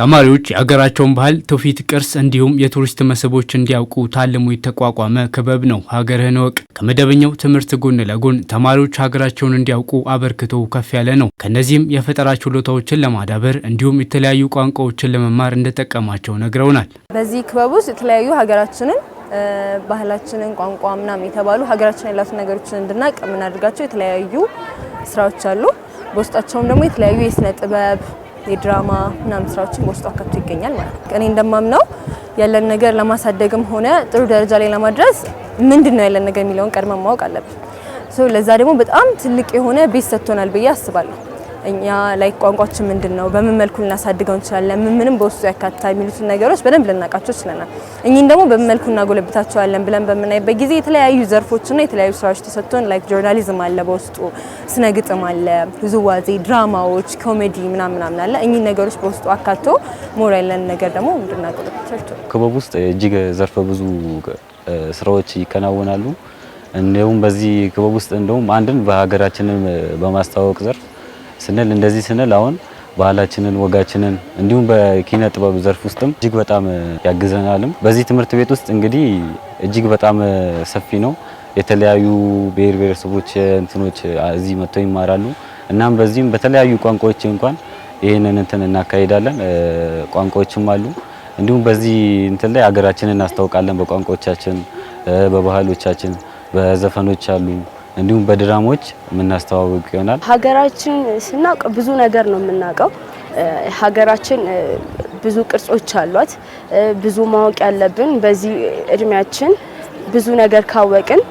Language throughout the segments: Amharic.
ተማሪዎች የሀገራቸውን ባህል፣ ትውፊት፣ ቅርስ እንዲሁም የቱሪስት መስህቦች እንዲያውቁ ታልሞ የተቋቋመ ክበብ ነው ሀገርህን እወቅ። ከመደበኛው ትምህርት ጎን ለጎን ተማሪዎች ሀገራቸውን እንዲያውቁ አበርክቶ ከፍ ያለ ነው። ከእነዚህም የፈጠራ ችሎታዎችን ለማዳበር እንዲሁም የተለያዩ ቋንቋዎችን ለመማር እንደጠቀማቸው ነግረውናል። በዚህ ክበብ ውስጥ የተለያዩ ሀገራችንን ባህላችንን፣ ቋንቋ ምናምን የተባሉ ሀገራችን ያላትን ነገሮችን እንድናቅ የምናደርጋቸው የተለያዩ ስራዎች አሉ። በውስጣቸውም ደግሞ የተለያዩ የስነ ጥበብ የድራማ ምናምን ስራዎችን በውስጡ አካቶ ይገኛል ማለት ነው። እኔ እንደማምነው ያለን ነገር ለማሳደግም ሆነ ጥሩ ደረጃ ላይ ለማድረስ ምንድን ነው ያለን ነገር የሚለውን ቀድመን ማወቅ አለብን። ለዛ ደግሞ በጣም ትልቅ የሆነ ቤት ሰጥቶናል ብዬ አስባለሁ። እኛ ላይ ቋንቋችን ምንድን ነው፣ በምን መልኩ ልናሳድገው እንችላለን፣ ምን ምንም በውስጡ ያካትታል የሚሉትን ነገሮች በደንብ ልናውቃቸው ችለናል። እኚህን ደግሞ በምን መልኩ እናጎለብታቸዋለን ብለን በምናይበት ጊዜ የተለያዩ ዘርፎችና የተለያዩ ስራዎች ተሰጥቶን ላይክ ጆርናሊዝም አለ በውስጡ ስነ ግጥም አለ፣ ውዝዋዜ፣ ድራማዎች፣ ኮሜዲ ምናምን ምናምን አለ። እኚህን ነገሮች በውስጡ አካቶ ሞር ያለን ነገር ደግሞ እንድናጎለብታቸው ክበብ ውስጥ እጅግ ዘርፈ ብዙ ስራዎች ይከናወናሉ። እንዲሁም በዚህ ክበብ ውስጥ እንደውም አንድን በሀገራችንም በማስተዋወቅ ዘርፍ ስንል እንደዚህ ስንል አሁን ባህላችንን ወጋችንን እንዲሁም በኪነ ጥበብ ዘርፍ ውስጥም እጅግ በጣም ያግዘናልም። በዚህ ትምህርት ቤት ውስጥ እንግዲህ እጅግ በጣም ሰፊ ነው። የተለያዩ ብሔር ብሔረሰቦች እንትኖች እዚህ መጥተው ይማራሉ። እናም በዚህም በተለያዩ ቋንቋዎች እንኳን ይህንን እንትን እናካሄዳለን። ቋንቋዎችም አሉ። እንዲሁም በዚህ እንትን ላይ ሀገራችንን እናስታውቃለን። በቋንቋዎቻችን፣ በባህሎቻችን፣ በዘፈኖች አሉ እንዲሁም በድራሞች የምናስተዋውቅ ይሆናል። ሀገራችን ስናውቅ ብዙ ነገር ነው የምናውቀው። ሀገራችን ብዙ ቅርጾች አሏት። ብዙ ማወቅ ያለብን በዚህ እድሜያችን ብዙ ነገር ካወቅን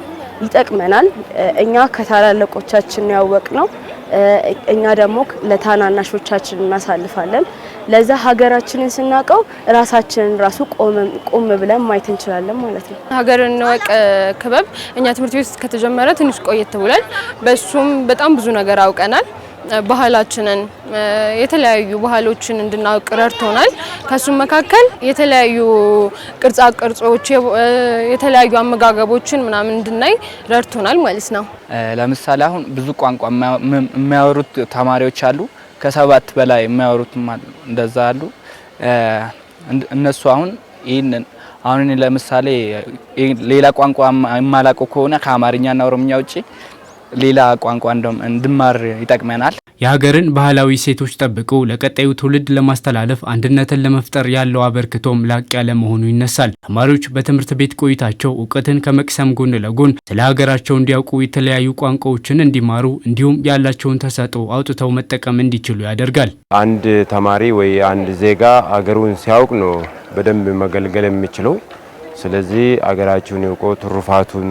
ይጠቅመናል። እኛ ከታላላቆቻችን ያወቅ ነው እኛ ደግሞ ለታናናሾቻችን እናሳልፋለን። ለዛ ሀገራችንን ስናውቀው ራሳችንን ራሱ ቆም ብለን ማየት እንችላለን ማለት ነው። ሀገርን እንወቅ ክበብ እኛ ትምህርት ቤት ከተጀመረ ትንሽ ቆየት ብሏል። በሱም በጣም ብዙ ነገር አውቀናል። ባህላችንን የተለያዩ ባህሎችን እንድናውቅ ረድቶናል። ከሱም መካከል የተለያዩ ቅርጻ ቅርጾች፣ የተለያዩ አመጋገቦችን ምናምን እንድናይ ረድቶናል ማለት ነው። ለምሳሌ አሁን ብዙ ቋንቋ የሚያወሩት ተማሪዎች አሉ። ከሰባት በላይ የሚያወሩት እንደዛ አሉ። እነሱ አሁን ይህንን አሁን ለምሳሌ ሌላ ቋንቋ የማላውቀው ከሆነ ከአማርኛና ኦሮምኛ ውጭ ሌላ ቋንቋ እንድማር ይጠቅመናል። የሀገርን ባህላዊ ሴቶች ጠብቆ ለቀጣዩ ትውልድ ለማስተላለፍ አንድነትን ለመፍጠር ያለው አበርክቶም ላቅ ያለ መሆኑ ይነሳል። ተማሪዎች በትምህርት ቤት ቆይታቸው እውቀትን ከመቅሰም ጎን ለጎን ስለ ሀገራቸው እንዲያውቁ የተለያዩ ቋንቋዎችን እንዲማሩ እንዲሁም ያላቸውን ተሰጥኦ አውጥተው መጠቀም እንዲችሉ ያደርጋል። አንድ ተማሪ ወይ አንድ ዜጋ አገሩን ሲያውቅ ነው በደንብ መገልገል የሚችለው። ስለዚህ አገራችሁን ይውቆ ትሩፋቱን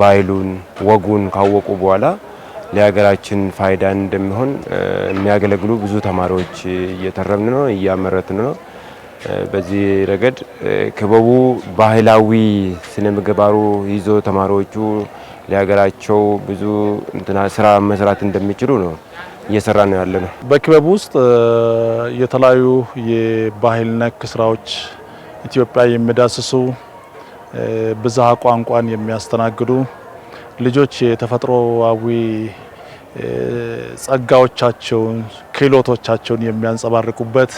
ባህሉን ወጉን ካወቁ በኋላ ለሀገራችን ፋይዳ እንደሚሆን የሚያገለግሉ ብዙ ተማሪዎች እየተረብን ነው፣ እያመረትን ነው። በዚህ ረገድ ክበቡ ባህላዊ ስነ ምግባሩ ይዞ ተማሪዎቹ ለሀገራቸው ብዙ ስራ መስራት እንደሚችሉ ነው እየሰራ ነው ያለ ነው። በክበቡ ውስጥ የተለያዩ የባህል ነክ ስራዎች ኢትዮጵያ የሚዳስሱ ብዝሃ ቋንቋን የሚያስተናግዱ ልጆች የተፈጥሮዊ ጸጋዎቻቸውን፣ ክህሎቶቻቸውን የሚያንጸባርቁበት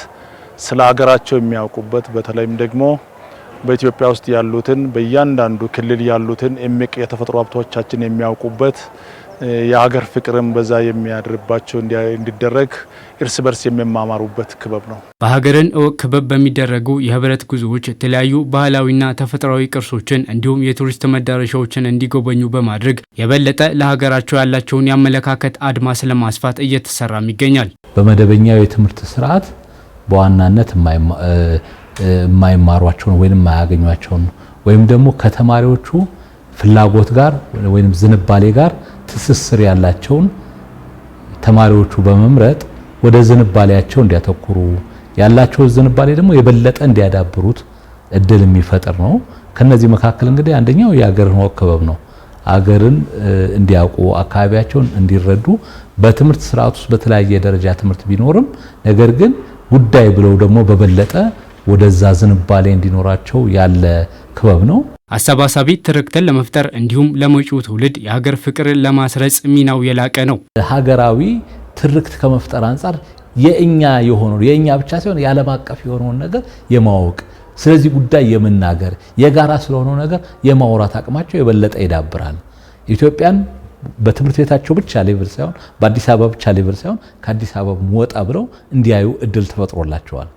ስለ ሀገራቸው የሚያውቁበት በተለይም ደግሞ በኢትዮጵያ ውስጥ ያሉትን በእያንዳንዱ ክልል ያሉትን እምቅ የተፈጥሮ ሀብቶቻችን የሚያውቁበት የሀገር ፍቅርም በዛ የሚያድርባቸው እንዲደረግ እርስ በርስ የሚማማሩበት ክበብ ነው። በሀገርን እወቅ ክበብ በሚደረጉ የህብረት ጉዞዎች የተለያዩ ባህላዊና ተፈጥሯዊ ቅርሶችን እንዲሁም የቱሪስት መዳረሻዎችን እንዲጎበኙ በማድረግ የበለጠ ለሀገራቸው ያላቸውን የአመለካከት አድማስ ለማስፋት እየተሰራም ይገኛል። በመደበኛው የትምህርት ስርዓት በዋናነት የማይማሯቸውን ወይም የማያገኟቸውን ወይም ደግሞ ከተማሪዎቹ ፍላጎት ጋር ወይም ዝንባሌ ጋር ትስስር ያላቸውን ተማሪዎቹ በመምረጥ ወደ ዝንባሌያቸው እንዲያተኩሩ ያላቸው ዝንባሌ ደግሞ የበለጠ እንዲያዳብሩት እድል የሚፈጥር ነው። ከነዚህ መካከል እንግዲህ አንደኛው የአገርን ክበብ ነው። አገርን እንዲያውቁ አካባቢያቸውን እንዲረዱ በትምህርት ስርዓት ውስጥ በተለያየ ደረጃ ትምህርት ቢኖርም ነገር ግን ጉዳይ ብለው ደግሞ በበለጠ ወደዛ ዝንባሌ እንዲኖራቸው ያለ ክበብ ነው። አሰባሳቢ ትርክትን ለመፍጠር እንዲሁም ለመጪው ትውልድ የሀገር ፍቅርን ለማስረጽ ሚናው የላቀ ነው። ሀገራዊ ትርክት ከመፍጠር አንጻር የእኛ የሆነው የእኛ ብቻ ሳይሆን የዓለም አቀፍ የሆነውን ነገር የማወቅ ስለዚህ ጉዳይ የመናገር የጋራ ስለሆነው ነገር የማውራት አቅማቸው የበለጠ ይዳብራል። ኢትዮጵያን በትምህርት ቤታቸው ብቻ ሌቭል ሳይሆን በአዲስ አበባ ብቻ ሌቭል ሳይሆን ከአዲስ አበባ ወጣ ብለው እንዲያዩ እድል ተፈጥሮላቸዋል።